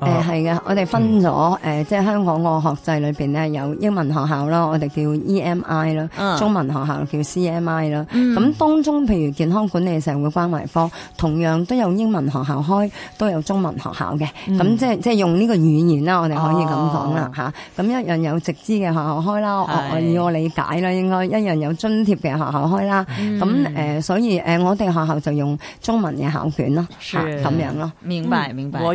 誒、呃，係嘅，我哋分咗誒、嗯呃，即係香港個學制裏邊咧，有英文學校啦，我哋叫 EMI 啦，嗯、中文學校叫 CMI 啦。咁、嗯、當中，譬如健康管理社會關懷科，同樣都有英文學校開，都有中文學校嘅。咁、嗯、即係即係用呢個語言啦，我哋可以咁講啦，吓、哦啊。咁一樣有直資嘅學校開啦、啊，以我理解啦，應該一樣有津貼嘅學校開啦。咁、嗯、誒、呃，所以誒、呃，我哋學校就用中文嘅考卷咯，咁、啊、樣咯。明白，明白、嗯。我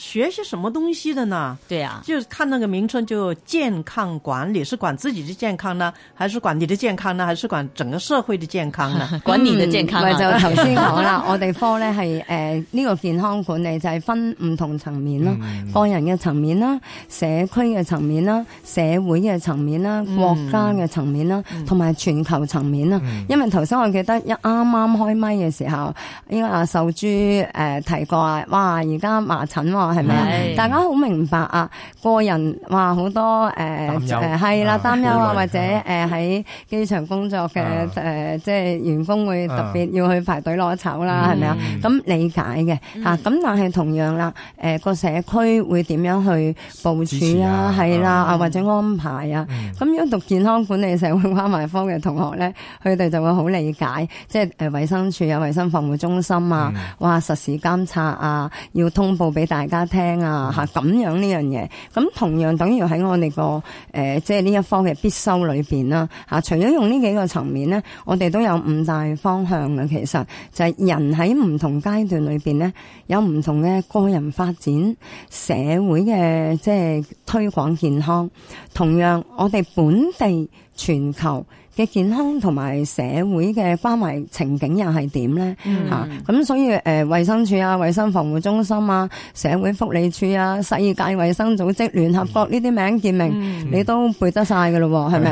學些什麼東西的呢？對啊，就看那個名稱就健康管理，是管自己的健康呢，還是管你的健康呢，還是管整個社會的健康呢？ 管你的健康、啊嗯。咪 就頭先講啦， 我哋科呢係誒呢個健康管理就係分唔同層面咯、嗯，個人嘅層面啦，社區嘅層面啦，社會嘅層面啦，嗯、國家嘅層面啦，同、嗯、埋全球層面啦。嗯、因為頭先我記得一啱啱開麥嘅時候，因為阿秀珠誒提過啊，哇而家麻疹係咪啊？大家好明白啊！個人話好多誒誒係啦，擔、呃、憂、呃、啊，或者誒喺機場工作嘅誒即係員工會特別要去排隊攞籌啦，係咪啊？咁理解嘅吓，咁、嗯嗯、但係同樣啦，誒、呃、個社區會點樣去部署啊？係啦啊，啊，啊，或者安排啊？咁、嗯、樣、嗯、讀健康管理社會關懷科嘅同學咧，佢哋就會好理解，即係誒衛生署有衛生防護中心啊、嗯，哇！實時監察啊，要通報俾大家。聽啊吓，咁樣呢樣嘢，咁同樣等於喺我哋個誒，即係呢一方嘅必修裏邊啦吓。除咗用呢幾個層面呢，我哋都有五大方向嘅。其實就係人喺唔同階段裏邊呢，有唔同嘅個人發展、社會嘅即係推廣健康。同樣，我哋本地。全球嘅健康同埋社會嘅關懷情景又係點咧吓？咁、嗯啊嗯、所以誒衛、呃、生署啊、衛生防護中心啊、社會福利署啊、世界衛生組織、聯合國呢啲名字見名、嗯，你都背得晒噶咯，係、嗯、咪、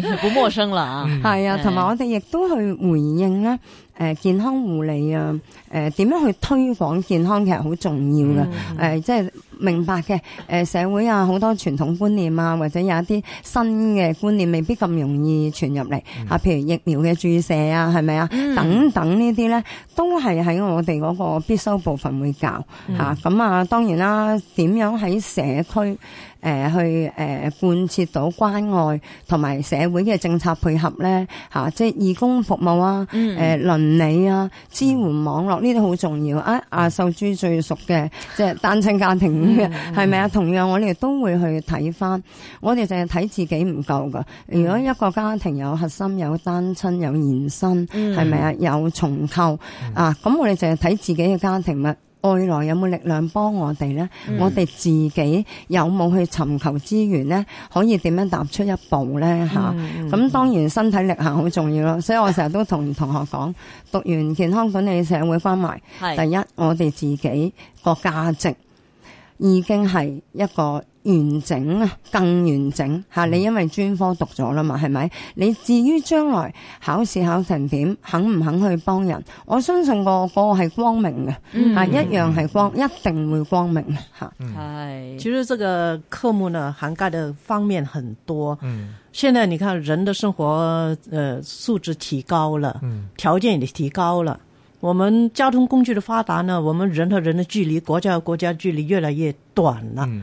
哎？不陌生啦，係啊，同、嗯、埋、啊啊、我哋亦都去回應咧，誒、呃，健康護理啊，誒、呃，點樣去推廣健康其實好重要噶，誒、嗯呃，即係。明白嘅，誒社會啊，好多傳統觀念啊，或者有一啲新嘅觀念，未必咁容易傳入嚟。啊、嗯，譬如疫苗嘅注射啊，係咪啊？嗯、等等呢啲咧，都係喺我哋嗰個必修部分會教嚇咁、嗯、啊，當然啦，點樣喺社區，誒、呃，去誒貫徹到關愛同埋社會嘅政策配合咧，吓、啊、即係義工服務啊，誒、啊嗯嗯、倫理啊，支援網絡呢啲好重要啊。阿秀珠最熟嘅即係單親家庭嘅係咪啊？同樣我哋都會去睇返，我哋淨係睇自己唔夠噶。如果一個家庭有核心，有單親，有延伸，係咪啊？有重構啊？咁我哋淨係睇自己嘅家庭乜？外來有冇力量幫我哋呢？嗯、我哋自己有冇去尋求資源呢？可以點樣踏出一步呢？吓、嗯，咁、啊、當然身體力行好重要咯。所以我成日都同同學講，讀完健康管理社會，關懷第一，我哋自己個價值已經係一個。完整啊，更完整吓！你因為專科讀咗啦嘛，係咪？你至於將來考試考成點，肯唔肯去幫人？我相信過個個係光明嘅，啊、嗯嗯，一樣係光、嗯，一定會光明係、嗯、其實這個科目呢，涵蓋的方面很多。嗯，現在你看人的生活，呃、素質提高了，嗯，條件也提高了。我們交通工具的發達呢，我們人和人的距離，國家和國家距離越來越短啦。嗯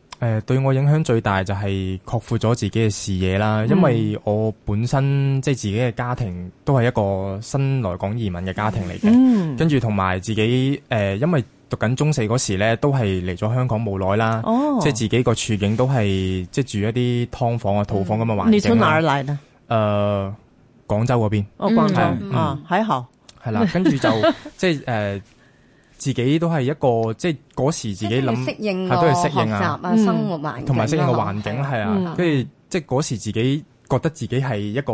誒、呃，對我影響最大就係擴闊咗自己嘅視野啦，因為我本身即係自己嘅家庭都係一個新來港移民嘅家庭嚟嘅、嗯，跟住同埋自己誒、呃，因為讀緊中四嗰時咧，都係嚟咗香港冇耐啦，哦、即係自己個處境都係即係住一啲劏房，房、嗯呃哦呃、啊、套房咁嘅環境。你從哪兒嚟呢？誒，廣州嗰邊，係啊，喺後係啦，跟住就 即係誒。呃自己都係一個，即係嗰時自己諗、啊，都係適應啊，學習啊，嗯、生活環境同埋、啊、適應個環境，係啊，跟住、啊啊嗯啊、即係嗰時自己覺得自己係一個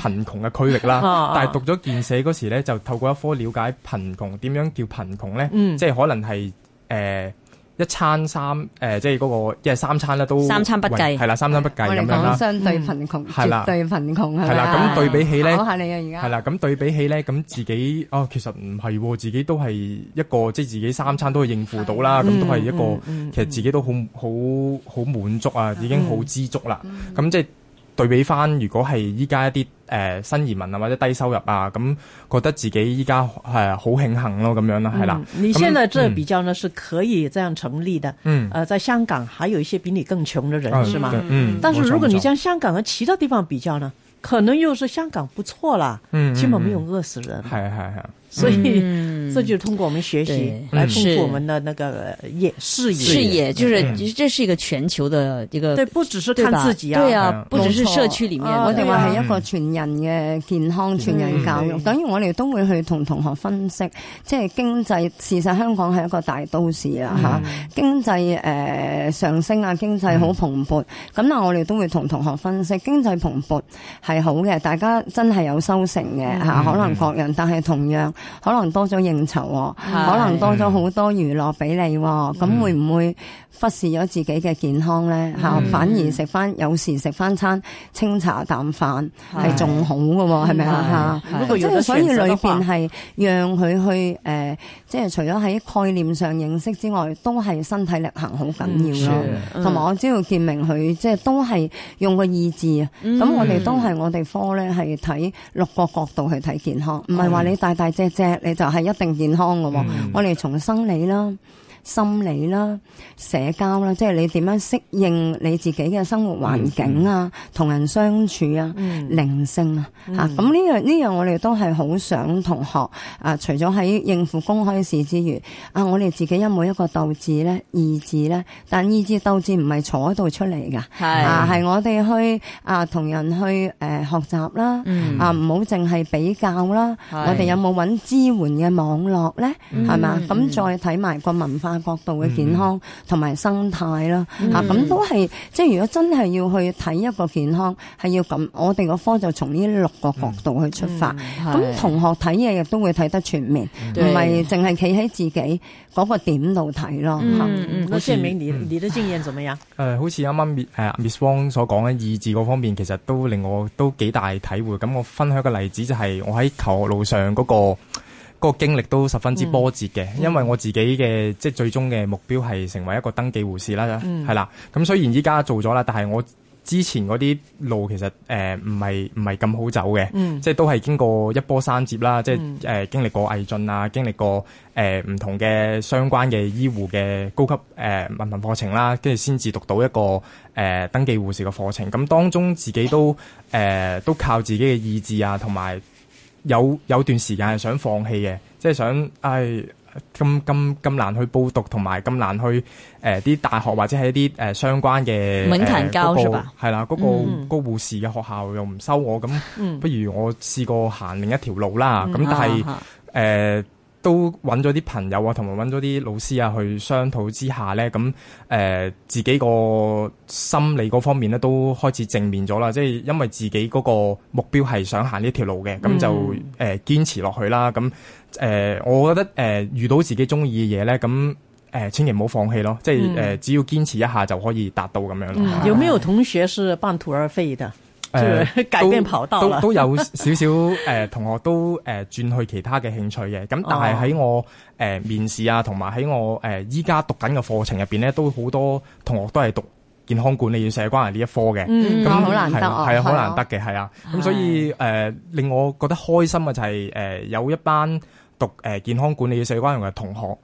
貧窮嘅區域啦。 但係讀咗健社嗰時咧，就透過一科了解貧窮點樣叫貧窮咧、嗯，即係可能係一餐三，誒、呃，即係嗰、那個，即係三餐咧都三餐不繼，係啦，三餐不繼咁樣啦。我哋講相對貧窮，嗯、絕對貧窮係啦。對啦，咁對,對,對,對比起咧，係啦，咁對比起咧，咁自己，哦、啊，其實唔係喎，自己都係一個，即係自己三餐都係應付到啦，咁、嗯、都係一個，其實自己都好好好滿足啊，已經好知足啦。咁、嗯嗯、即係對比返，如果係依家一啲。誒、呃，新移民啊，或者低收入啊，咁覺得自己依家誒好慶幸咯，咁樣啦，係、嗯、啦。你現在這比較呢、嗯，是可以這樣成立的。嗯。誒、呃，在香港還有一些比你更窮的人、嗯，是嗎？嗯。但是如果你將香港和其他地方比較呢，可能又是香港不錯啦。嗯。起碼沒有餓死人。係係係。嗯是是是。所以，嗯、這就是通過我們學習，來豐富我們的那個視野。視野視野，就是這是一個全球的一個。對，不只是看自己，啊，對，對啊，不只是社區裏面、哦啊。我哋話係一個全人嘅健康、全人教育。等於我哋都會去同同學分析，即、就、係、是、經濟。事實香港係一個大都市啊，吓經濟誒上升啊，經濟好、呃、蓬勃。咁啊，嗯、我哋都會同同學分析，經濟蓬勃係好嘅，大家真係有收成嘅吓、啊，可能各人。但係同樣。可能多咗應酬，可能多咗好多娛樂俾你，咁會唔會忽視咗自己嘅健康咧？吓，反而食翻有時食翻餐清茶淡飯係仲好噶，係咪啊？吓，即係所以裏邊係讓佢去誒，即、呃、係、即係、除咗喺概念上認識之外，都係身體力行好緊要啦。同埋我知道健、嗯、明佢即係都係用個意志，咁、嗯、我哋都係、嗯、我哋科咧係睇六個角度去睇健康，唔係話你大大隻。只你就係一定健康嘅，哦，嗯，我哋從生理啦。心理啦、社交啦，即係你點樣適應你自己嘅生活環境啊、同、mm -hmm. 人相處啊、靈、mm -hmm. 性啊吓，咁呢樣呢樣我哋都係好想同學啊。除咗喺應付公開試之餘，啊，我哋自己有冇一個鬥志咧、意志咧？但意志、鬥志唔係坐喺度出嚟噶，係啊，係我哋去啊同人去誒、啊、學習啦，mm -hmm. 啊唔好淨係比較啦。我哋有冇揾支援嘅網絡咧？係、mm、嘛 -hmm.，咁再睇埋個文化。角度嘅健康同埋、嗯、生態啦，吓、嗯、咁、啊、都係，即係如果真係要去睇一個健康，係要咁，我哋個科就從呢六個角度去出發。咁、嗯嗯、同學睇嘢亦都會睇得全面，唔係淨係企喺自己嗰個點度睇咯。吓，李、嗯、健明你，你你的經驗做咩樣？誒、呃，好似啱啱 Miss Wong 所講嘅意志嗰方面，其實都令我都幾大體會。咁我分享個例子就係我喺求學路上嗰、那個。嗰個經歷都十分之波折嘅、嗯嗯，因為我自己嘅即係最終嘅目標係成為一個登記護士啦，係、嗯、啦。咁雖然依家做咗啦，但係我之前嗰啲路其實誒唔係唔係咁好走嘅、嗯，即係都係經過一波三折啦、嗯，即係誒、呃、經歷過毅進啊，經歷過誒唔、呃、同嘅相關嘅醫護嘅高級誒、呃、文憑課程啦，跟住先至讀到一個誒、呃、登記護士嘅課程。咁當中自己都誒、呃、都靠自己嘅意志啊，同埋。有有段時間係想放棄嘅，即係想，唉，咁咁咁難去報讀同埋咁難去誒啲、呃、大學或者係一啲誒、呃、相關嘅。文憑教係吧？係啦，嗰、嗰個護、嗯嗰個、護士嘅學校又唔收我，咁不如我試過行另一條路啦。咁、嗯、但係誒。嗯好好呃都揾咗啲朋友啊，同埋揾咗啲老師啊去商討之下咧，咁誒、呃、自己個心理嗰方面咧都開始正面咗啦，即係因為自己嗰個目標係想行呢條路嘅，咁、嗯、就誒、呃、堅持落去啦。咁誒、呃，我覺得誒、呃、遇到自己中意嘅嘢咧，咁誒、呃、千祈唔好放棄咯，即係誒、嗯、只要堅持一下就可以達到咁樣、嗯啊。有冇有同學是半途而廢嘅？呃、都 跑道都有少少誒同學都誒轉去其他嘅興趣嘅，咁但係喺我誒、呃、面試啊，同埋喺我誒依家讀緊嘅課程入邊咧，都好多同學都係讀健康管理與社會關懷呢一科嘅，咁、嗯、好、嗯、難得，係啊，好難得嘅，係啊，咁所以誒、呃、令我覺得開心嘅就係、是、誒、呃、有一班讀誒健康管理與社會關懷嘅同學，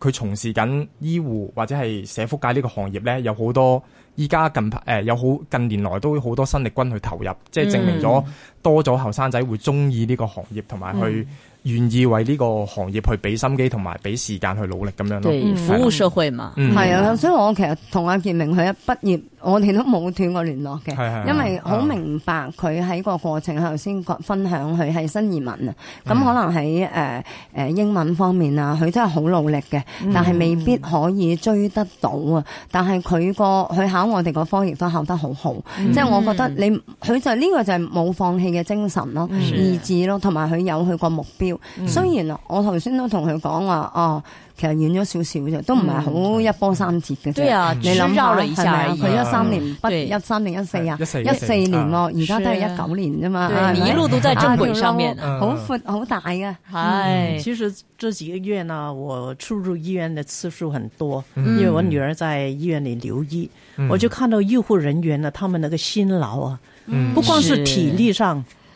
佢從事緊醫護或者係社福界呢個行業咧，有好多。依家近排有好，近年來都好多新力軍去投入，即係證明咗多咗後生仔會中意呢個行業，同埋去。願意為呢個行業去俾心機同埋俾時間去努力咁樣咯，服務社會嘛，係、嗯、啊！所以我其實同阿健明佢一畢業，我哋都冇斷過聯絡嘅、啊，因為好明白佢喺個過程頭先、啊、分享佢係新移民啊，咁、嗯、可能喺誒誒英文方面啊，佢真係好努力嘅，但係未必可以追得到啊、嗯！但係佢個佢考我哋嗰科亦都考得好好，即、嗯、係、就是、我覺得你佢就呢個就係冇放棄嘅精神咯、嗯、意志咯，同埋佢有佢個目標。嗯、雖然我頭先都同佢講話，哦，其實遠咗少少啫，都唔係好一波三折嘅、嗯。對啊，你諗下，係咪佢一三年不一三定一四啊，一四年咯，年年年年啊、年而家都係一九年啫嘛，啊、是是你一路都在正軌上面，好闊好大嘅。係、嗯嗯，其實這幾個月呢，我出入醫院的次數很多、嗯，因為我女兒在醫院裏留醫，嗯、我就看到醫護人員呢，他們那個辛勞啊、嗯，不光是體力上。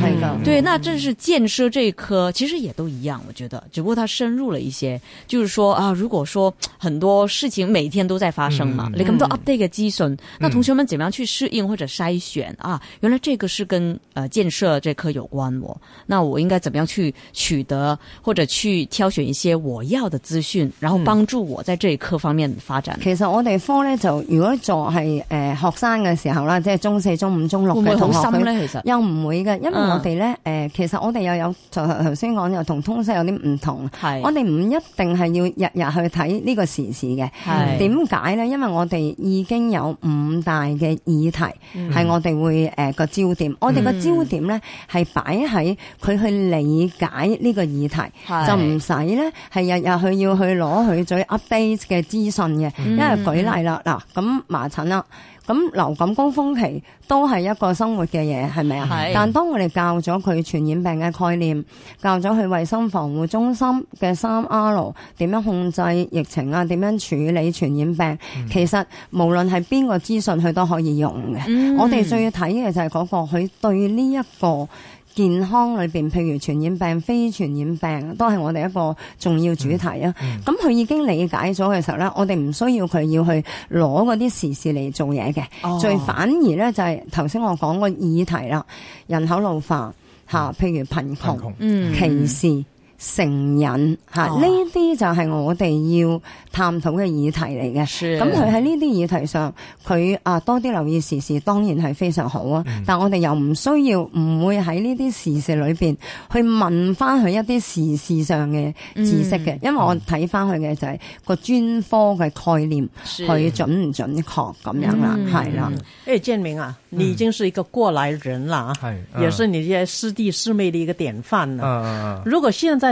嗯、對，嗯、那正是建設這一科，其實也都一樣、嗯，我覺得，只不過它深入了一些。就是說啊，如果說很多事情每天都在發生嘛，嗯、你咁多 update 嘅資訊、嗯，那同學們怎麼樣去適應或者篩選、嗯、啊？原來這個是跟呃建設這科有關喎。那我應該怎麼樣去取得或者去挑選一些我要的資訊，然後幫助我在這一科方面發展？嗯、其實我哋科呢，就，如果做係呃學生嘅時候啦，即係中四、中五、中六嘅同學，會唔會好深呢。其實又唔會嘅，嗯啊、我哋咧、呃，其實我哋又有，就頭先講又同通識有啲唔同。係，我哋唔一定係要日日去睇呢個時事嘅。係，點解咧？因為我哋已經有五大嘅議題係、嗯、我哋會誒、呃、個焦點。我哋個焦點咧係擺喺佢去理解呢個議題，就唔使咧係日日去要去攞佢最 update 嘅資訊嘅。因、嗯、為舉例啦，嗱、嗯、咁、嗯、麻疹啦。咁流感高峰期都係一個生活嘅嘢，係咪啊？但當我哋教咗佢傳染病嘅概念，教咗佢衛生防護中心嘅三 R 點樣控制疫情啊，點樣處理傳染病，嗯、其實無論係邊個資訊佢都可以用嘅、嗯。我哋最要睇嘅就係嗰個佢對呢一個。健康裏邊，譬如傳染病、非傳染病，都係我哋一個重要主題啊。咁、嗯、佢、嗯、已經理解咗嘅時候咧，我哋唔需要佢要去攞嗰啲時事嚟做嘢嘅。哦、最反而咧就係頭先我講個議題啦，人口老化吓，譬如貧窮、嗯、歧視。嗯成癮嚇，呢、啊、啲就係我哋要探討嘅議題嚟嘅。咁佢喺呢啲議題上，佢啊多啲留意時事，當然係非常好啊。嗯、但我哋又唔需要，唔會喺呢啲時事裏邊去問翻佢一啲時事上嘅知識嘅、嗯，因為我睇翻佢嘅就係個專科嘅概念，佢準唔準確咁樣、嗯、是啦，係、欸、啦。誒，建明啊，你已經是一個過來人啦，係、嗯，也是你啲師弟師妹嘅一個典範啦、嗯。如果現在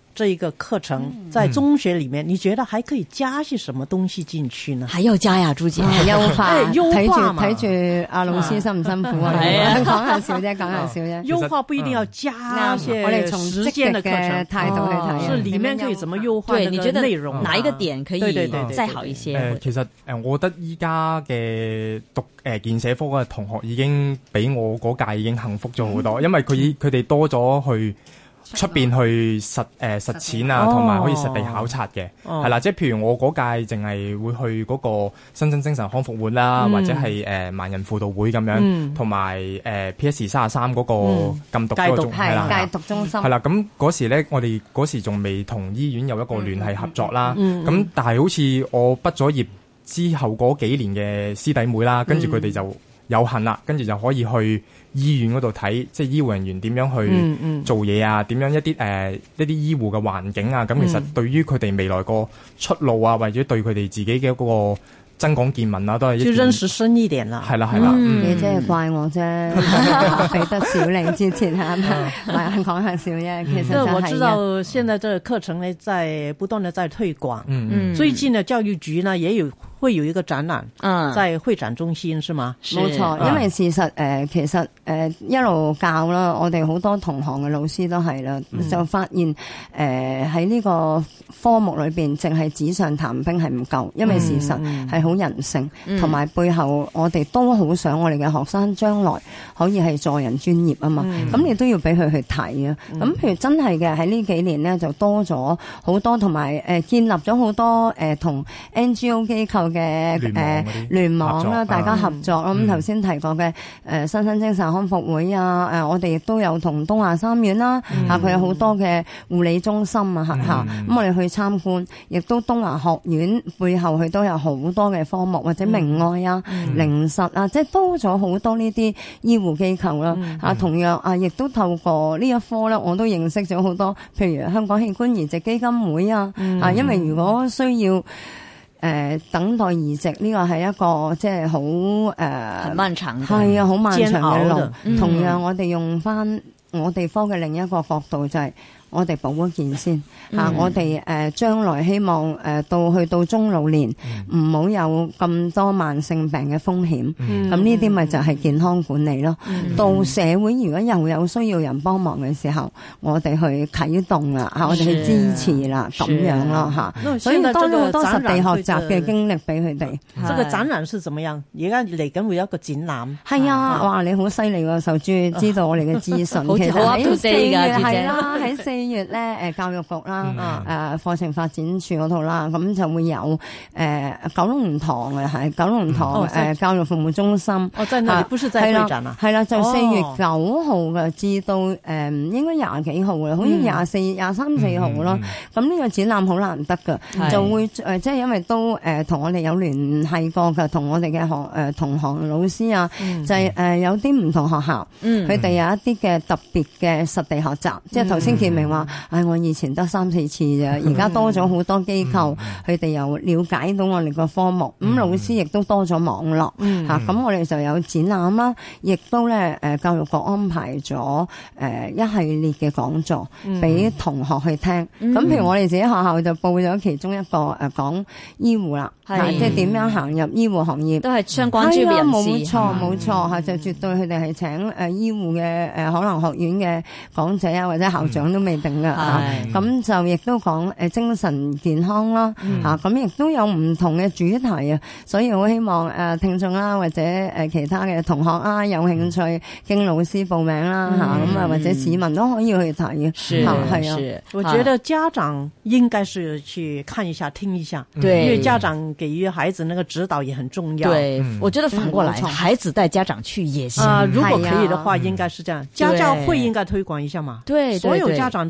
這一個課程在中學裏面，你覺得還可以加些什麼東西進去呢？嗯嗯、還，去呢還要加呀、啊，朱姐、啊，還 要優，優化嘛？抬化，睇住阿老師辛唔辛苦啊？講下笑啫，講下笑啫。優化不一定要加些間的課程、嗯，我哋從積極嘅態度嚟睇、啊，哦就是裏面可以怎麼優化內容、啊？你覺得哪一個點可以再好一些、啊嗯對對對對對嗯呃？其實誒、呃，我覺得依家嘅讀誒健社科嘅同學已經比我嗰屆已經幸福咗好多、嗯，因為佢佢哋多咗去。出邊去實誒、呃、實踐啊，同埋可以實地考察嘅，係、哦、啦。即係譬如我嗰屆淨係會去嗰個新生精神康復會啦，嗯、或者係誒盲人輔導會咁樣，同埋誒 PS 三十三嗰個禁毒戒毒係戒毒中心。係啦，咁嗰時咧，我哋嗰時仲未同醫院有一個聯繫合作啦。咁、嗯嗯嗯、但係好似我畢咗業之後嗰幾年嘅師弟妹啦，嗯、跟住佢哋就。有限啦，跟住就可以去醫院嗰度睇，即係醫護人員點樣去做嘢啊？點、嗯嗯、樣一啲誒一啲醫護嘅環境啊？咁、嗯、其實對於佢哋未來個出路啊，或者對佢哋自己嘅嗰個增廣見聞啊，都係。要認識深一點啦，係啦。係啦係、嗯、啦、嗯，你真係怪我啫，俾 得少你之前啊，快啱講下少啫。其實我知道，現在呢個課程咧，在不斷地在推廣。嗯嗯。最近呢教育局呢，也有。會有一個展覽，嗯，在會展中心、嗯、是嘛？冇錯，因為事實誒、呃，其實誒、呃、一路教啦，我哋好多同行嘅老師都係啦、嗯，就發現誒喺呢個科目裏邊，淨係紙上談兵係唔夠，因為事實係好人性，同、嗯、埋背後我哋都好想我哋嘅學生將來可以係助人專業啊嘛，咁、嗯、你都要俾佢去睇啊。咁、嗯、譬如真係嘅喺呢幾年咧，就多咗好多，同埋誒建立咗好多誒同、呃、NGO 機構。嘅誒聯網啦、呃，大家合作啦。咁頭先提過嘅誒新生精神康復會啊，誒我哋亦都有同東華三院啦、啊，嚇、嗯、佢、啊、有好多嘅護理中心啊，嚇、嗯、咁、啊嗯嗯、我哋去參觀，亦都東華學院背後佢都有好多嘅科目或者明愛啊、靈、嗯嗯、實啊，即係多咗好多呢啲醫護機構啦、啊。嚇、嗯啊、同樣啊，亦都透過呢一科咧，我都認識咗好多，譬如香港器官移植基金會啊，嚇、啊、因為如果需要。誒、呃、等待移植呢、這個係一個即係好誒，呃、漫長啊，好漫長嘅路、嗯。同樣、嗯、我哋用翻我哋科嘅另一個角度就係、是。我哋補一件先、嗯啊、我哋誒、呃、將來希望、呃、到去到中老年，唔、嗯、好有咁多慢性病嘅風險。咁呢啲咪就係健康管理咯、嗯。到社會如果又有需要人幫忙嘅時候，嗯、我哋去啟動啦、啊，我哋去支持啦，咁、啊、樣咯、啊、所以多咗好多實地學習嘅經歷俾佢哋。這個展覽是怎麼樣？而家嚟緊會有一個展覽。係啊，哇！你好犀利喎，受、啊、珠，知道我哋嘅資訊。好 啊，都四嘅，係啦，喺四。四月咧，誒教育局啦，誒、嗯、課程發展處嗰度啦，咁就會有誒、呃、九龍塘嘅係九龍塘誒、嗯哦呃、教育服務中心。哦，真係，啊、不是係啦、啊哦，就四月九號嘅至到誒、嗯，應該廿幾號、嗯、啦，好似廿四、廿三四號啦。咁、嗯、呢個展覽好難得嘅，就會誒、呃，即係因為都誒同、呃、我哋有聯繫過嘅、呃，同我哋嘅學誒同行老師啊，嗯、就係、是、誒、呃、有啲唔同學校，佢、嗯、哋有一啲嘅特別嘅實地學習，嗯、即係頭先健明。嗯話，唉，我以前得三四次咋，而家多咗好多機構，佢、嗯、哋又了解到我哋個科目，咁、嗯嗯、老師亦都多咗網絡，吓、嗯，咁、啊、我哋就有展覽啦，亦都咧，誒，教育局安排咗誒、呃、一系列嘅講座俾、嗯、同學去聽，咁、嗯、譬如我哋自己學校就報咗其中一個誒講、呃、醫護啦，吓、嗯，即係點樣行入醫護行業，都係相關專業人士，冇錯冇錯吓，就絕對佢哋係請誒、呃、醫護嘅誒可能學院嘅講者啊，或者校長、嗯、都未。嗯嗯、啊，咁就亦都講誒精神健康啦，嗯、啊咁亦都有唔同嘅主題啊，所以我希望誒、呃、聽眾啦、啊、或者誒、呃、其他嘅同學啊有興趣經老師報名啦、啊、吓，咁、嗯、啊或者市民都可以去睇、嗯、啊，係啊，我覺得家長應該是去看一下聽一下，因為家長給予孩子那個指導也很重要。對，嗯、我覺得反過來，嗯、孩子帶家長去也行、啊，如果可以的話，啊嗯、應該是這樣，家教會應該推廣一下嘛對對，對，所有家長。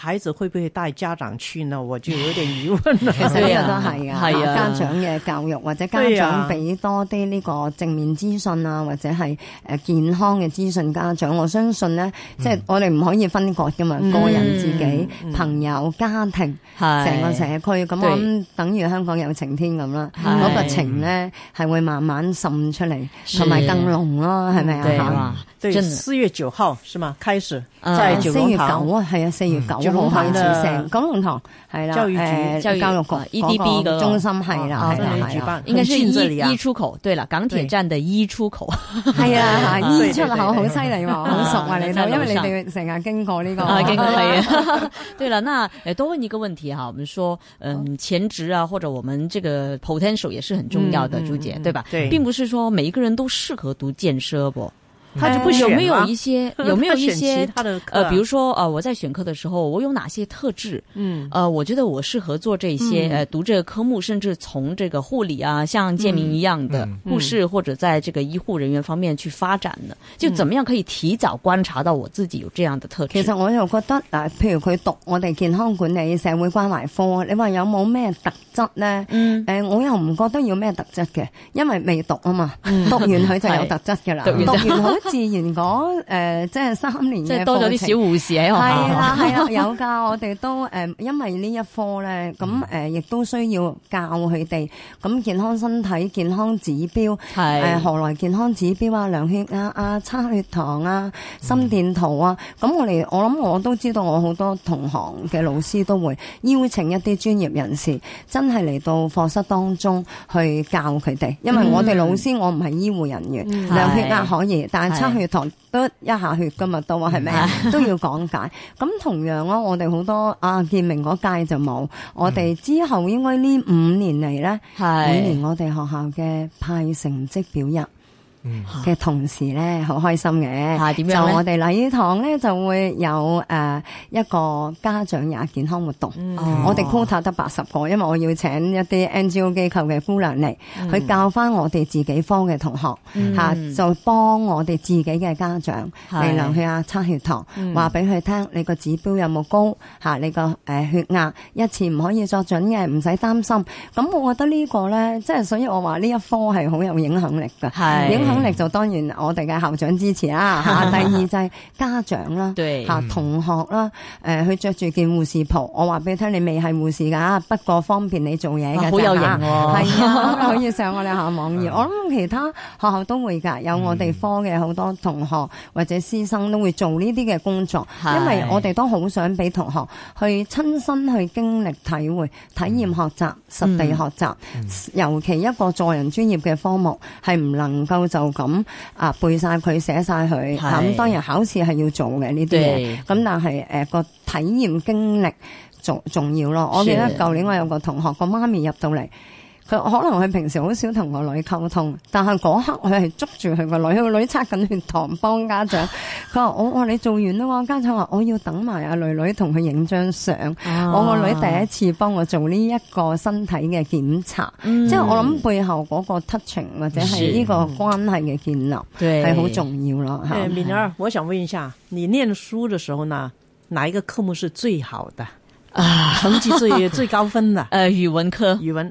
孩子會不會帶家長去呢？我就有點疑問啦。其實呢個都係啊，家長嘅教育、啊、或者家長俾多啲呢個正面資訊啊，或者係誒健康嘅資訊。家長我相信咧，即、嗯、係、就是、我哋唔可以分割噶嘛、嗯，個人自己、嗯、朋友、嗯、家庭、成個社區，咁等於香港有晴天咁啦，嗰、那個、情晴咧係會慢慢滲出嚟，同埋更濃咯，係咪啊？係嘛？對，四、嗯、月九號，是嘛開始在九龍塘啊，係啊，四月九。嗯九龍塘城，龍塘係啦，教育局 E D B 嗰個中心係啦，係啦，係、啊啊啊，應該是 E、啊、E 出口，對啦，港鐵站的 E 出口，係啊，E 出口好犀利喎， 好熟啊，你 因為你哋成日經過呢、這個，係啊，係啊，對啦，那誒，多問一個問題哈、啊，我們說，嗯，潛質啊，或者我們這個 potential 也是很重要的，嗯、朱姐、嗯，對吧？對，並不是說每一個人都適合讀建設不？嗯、就不選有沒有一些有沒有一些，呃，比如說，呃，我在選課的時候，我有哪些特質？嗯，呃，我覺得我適合做這些，嗯、讀這個科目，甚至從這個護理啊，像健明一樣的護、嗯嗯、士，或者在這個醫護人員方面去發展的、嗯，就怎麼樣可以提早觀察到我自己有這樣的特質？其實我又覺得，嗱，譬如佢讀我哋健康管理社會關懷科，你話有冇咩特質呢？誒、嗯呃，我又唔覺得要咩特質嘅，因為未讀啊嘛、嗯，讀完佢就有特質嘅啦，讀完 自然講，誒、呃，即係三年，即係多咗啲小護士喺學校。係啊，係啊，有噶，我哋都誒、呃，因為呢一科咧，咁誒亦都需要教佢哋咁健康身體、健康指標，係誒、呃、何來健康指標啊？量血壓啊，測血糖啊，心電圖啊，咁、嗯、我哋我諗我都知道，我好多同行嘅老師都會邀請一啲專業人士，真係嚟到課室當中去教佢哋，因為我哋老師我唔係醫護人員，嗯嗯，量血壓可以，但測血糖都一下血㗎嘛，都係咩都要講解？咁 同樣咯，我哋好多啊，健明嗰屆就冇、嗯。我哋之後應該呢五年嚟咧，係五年我哋學校嘅派成績表入。嘅同時咧，好開心嘅。係點樣呢？就我哋禮堂咧就會有誒、呃、一個家長也健康活動。嗯、我哋 quota 得八十個，因為我要請一啲 NGO 機構嘅姑娘嚟、嗯，去教翻我哋自己科嘅同學吓、嗯啊，就幫我哋自己嘅家長嚟量血壓、測血糖，話俾佢聽，你個指標有冇高吓、啊，你個誒、呃、血壓一次唔可以作準嘅，唔使擔心。咁我覺得個呢個咧，即係所以我話呢一科係好有影響力噶，影響力就當然我哋嘅校長支持啊，第二就係家長啦 對，吓，同學啦，誒去着住件護士袍，我話俾你聽，你未係護士㗎，不過方便你做嘢㗎，好有型喎，啊，係啊 可以上我哋校網頁。 我諗其他學校都會㗎，有我哋科嘅好多同學或者師生都會做呢啲嘅工作，因為我哋都好想俾同學去親身去經歷體會、體驗學習、嗯、實地學習、嗯，尤其一個助人專業嘅科目係唔能夠就。咁啊背晒佢寫晒佢，咁、嗯、當然考試係要做嘅呢啲嘢。咁但係誒個體驗經歷仲重要咯。我記得舊年我有個同學，個媽咪入到嚟。佢可能佢平時好少同個女溝通，但係嗰刻佢係捉住佢個女，佢個女測緊血糖幫家長。佢話：我 話、哦、你做完啦嘛，家長話我、哦、要等埋阿女女同佢影張相、啊。我個女第一次幫我做呢一個身體嘅檢查，嗯、即係我諗背後嗰個 touching 或者係呢個關係嘅建立係好重要咯嚇。明兒，我想問一下，你念書嘅時候呢，哪一個科目係最好的啊？成績最 最高分的？誒、呃，語文科，語文。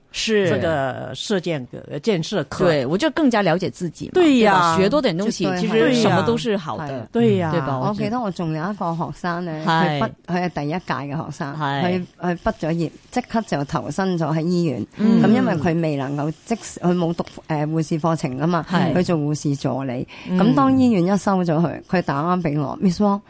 是、啊，這個射箭嘅建設科，對我就更加了解自己。對呀、啊，學多點東西對、啊，其實什麼都是好的。對呀、啊啊啊，我記得我仲有一個學生咧，佢畢佢係第一屆嘅學生，佢佢畢咗業，即刻就投身咗喺醫院。咁、嗯、因為佢未能夠即佢冇讀誒、呃、護士課程啊嘛，係佢做護士助理。咁、嗯、當醫院一收咗佢，佢打啱俾我、嗯、我，miss Wong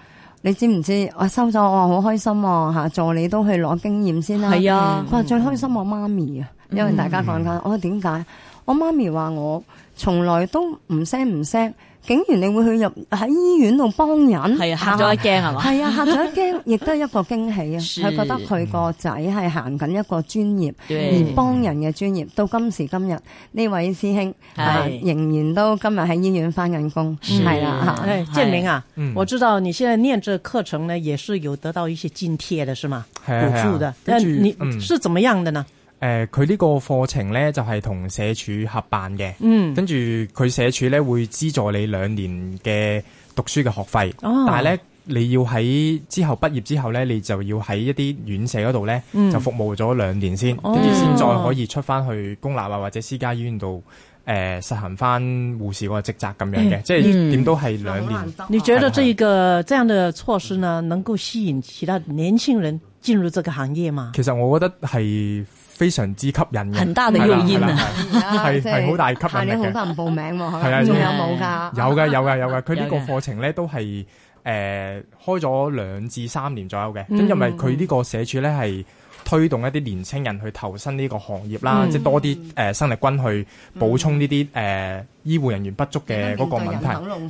你知唔知、啊、收我收咗我好開心啊吓？助理都去攞經驗先啦，係啊，佢話、啊嗯嗯、最開心我媽咪啊！因為大家講緊、嗯哦，我點解我媽咪話我從來都唔聲唔聲，竟然你會去入喺醫院度幫人，嚇咗一驚係嘛？係啊，嚇咗一驚，亦都係一個驚喜啊！佢覺得佢個仔係行緊一個專業對而幫人嘅專業，到今時今日呢位師兄、啊、仍然都今日喺醫院返緊工係啦。誒，啊啊哎、健明啊、嗯，我知道你現在念這課程呢，也是有得到一些津貼嘅，是嘛？補、啊、助的，但你是怎麼樣的呢？誒、呃，佢呢個課程呢，就係、是、同社署合辦嘅，嗯，跟住佢社署呢，會資助你兩年嘅讀書嘅學費，哦、但係呢，你要喺之後畢業之後呢，你就要喺一啲院舍嗰度呢、嗯，就服務咗兩年先，跟住先再可以出翻去公立啊或者私家醫院度誒、呃、實行翻護士嗰個職責咁樣嘅、嗯，即係點都係兩年。你覺得呢個這樣的措施呢，能夠吸引其他年輕人進入這個行業嗎？其實我覺得係。非常之吸引嘅，係啦，係，係好大吸引力嘅，好多人報名喎，仲 有冇噶？ 有嘅，有嘅，有嘅，佢呢個課程咧都係、呃、開咗兩至三年左右嘅，因為佢呢個社署咧係。推動一啲年輕人去投身呢個行業啦、嗯，即係多啲誒生力軍去補充呢啲誒醫護人員不足嘅嗰個問題，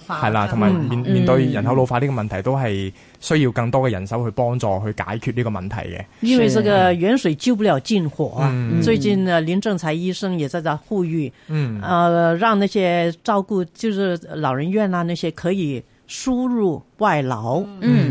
係啦，同埋面面對人口老化呢、嗯、個問題都係需要更多嘅人手去幫助去解決呢個問題嘅。因為這個遠水救不了近火，嗯嗯、最近呢林正財醫生也在度呼籲，誒、嗯呃，讓那些照顧就是老人院啊，那些可以輸入外勞。嗯。嗯。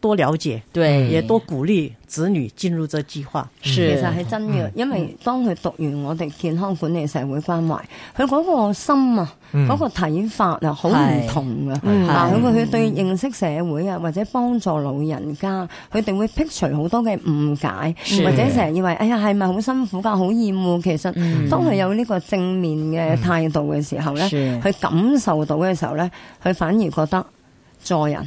多了解，對，也多鼓勵子女進入這計劃。是嗯、其實係真嘅、嗯，因為當佢讀完我哋健康管理社會關懷，佢、嗯、嗰個心啊，嗰、嗯嗰個睇法啊，好唔同啊。嗱，佢佢對認識社會啊，或者幫助老人家，佢哋會辟除好多嘅誤解，或者成日以為，哎呀，係咪好辛苦噶、啊，好厭惡、啊。其實，當佢有呢個正面嘅態度嘅時候呢，佢、嗯、感受到嘅時候呢，佢反而覺得助人。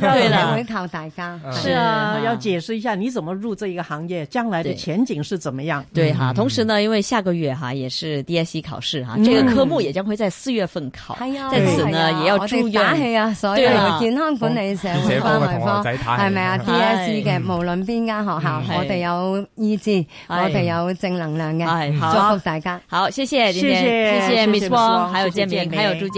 對了，考大家是啊，啊，要解釋一下你怎麼入這一個行業，將來的前景是怎麼樣？對哈、嗯啊，同時呢，因為下個月哈、啊、也是 DSE 考試哈、啊嗯，這個科目也將會在四月份考。嗯、在此呢是啊，也要注意啊，對啊，健康管理社會我們方，係咪啊？DSE 嘅，無論邊間學校，我哋有意志，我哋有、嗯、有正能量嘅、嗯嗯嗯，祝福大家。好，謝謝，謝謝，謝謝，謝，謝 Miss Wong 還有健明，還有朱姐。